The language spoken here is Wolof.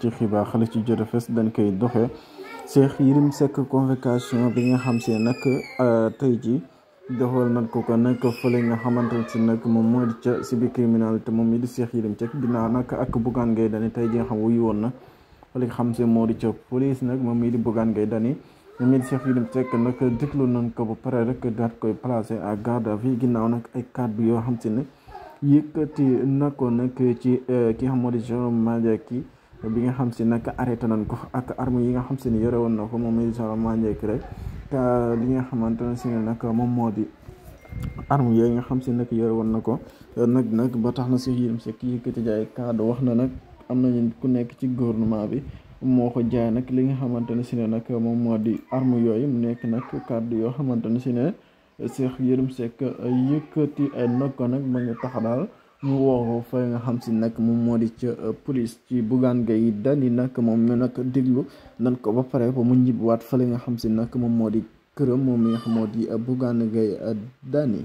ci xibaar xale ci jot a fës dañ koy doxe Cheikh Yérim Seck convocation bi nga xam si nag euh, tey ji doxal nañ ko ko nag fële nga xamante si nag moom moo di ca si bi criminalité moom mi di Cheikh Yérim Seck ginnaaw nag ak Bougane Gueye Dany tey ji nga xam woon na fële xam si moo di ca police nag moom mi di Bougane Gueye Dany moom mi di Cheikh Yérim Seck nag déglu nañ ko ba pare rek daat koy placé ak garde à ginnaaw nag ay kàddu yoo xam si ne yëkkati na ko nag ci euh, ki nga xam moo di Jérôme ki bi nga xam si nag arrêté nañ ko ak arme yi nga xam si ni yore woon na ko moom muy genre mandiek rek li nga xamante ne si nag moom moo di arme yooyu nga xam si nag yore woon na ko nag nag ba tax na si yérim si kii yëkkati jaay wax na nag am nañu ku nekk ci gouvernement bi moo ko jaay nag li nga xamante ne si ne nag moom moo di arme yooyu mu nekk nag kaddu yoo xamante ne si ne Cheikh Yérim Seck yëkkati ay nokko nag ba ñu tax daal wooru fa nga xam si nag moom moo di ca euh, police ci Bougane Gueye Dany nag moom ñu nag déglu nan ko ba pare ba mu ñibbiwaat fa nga xam si nag moom moo di këram moom mi nga xam moo di euh, Bougane Gueye Dany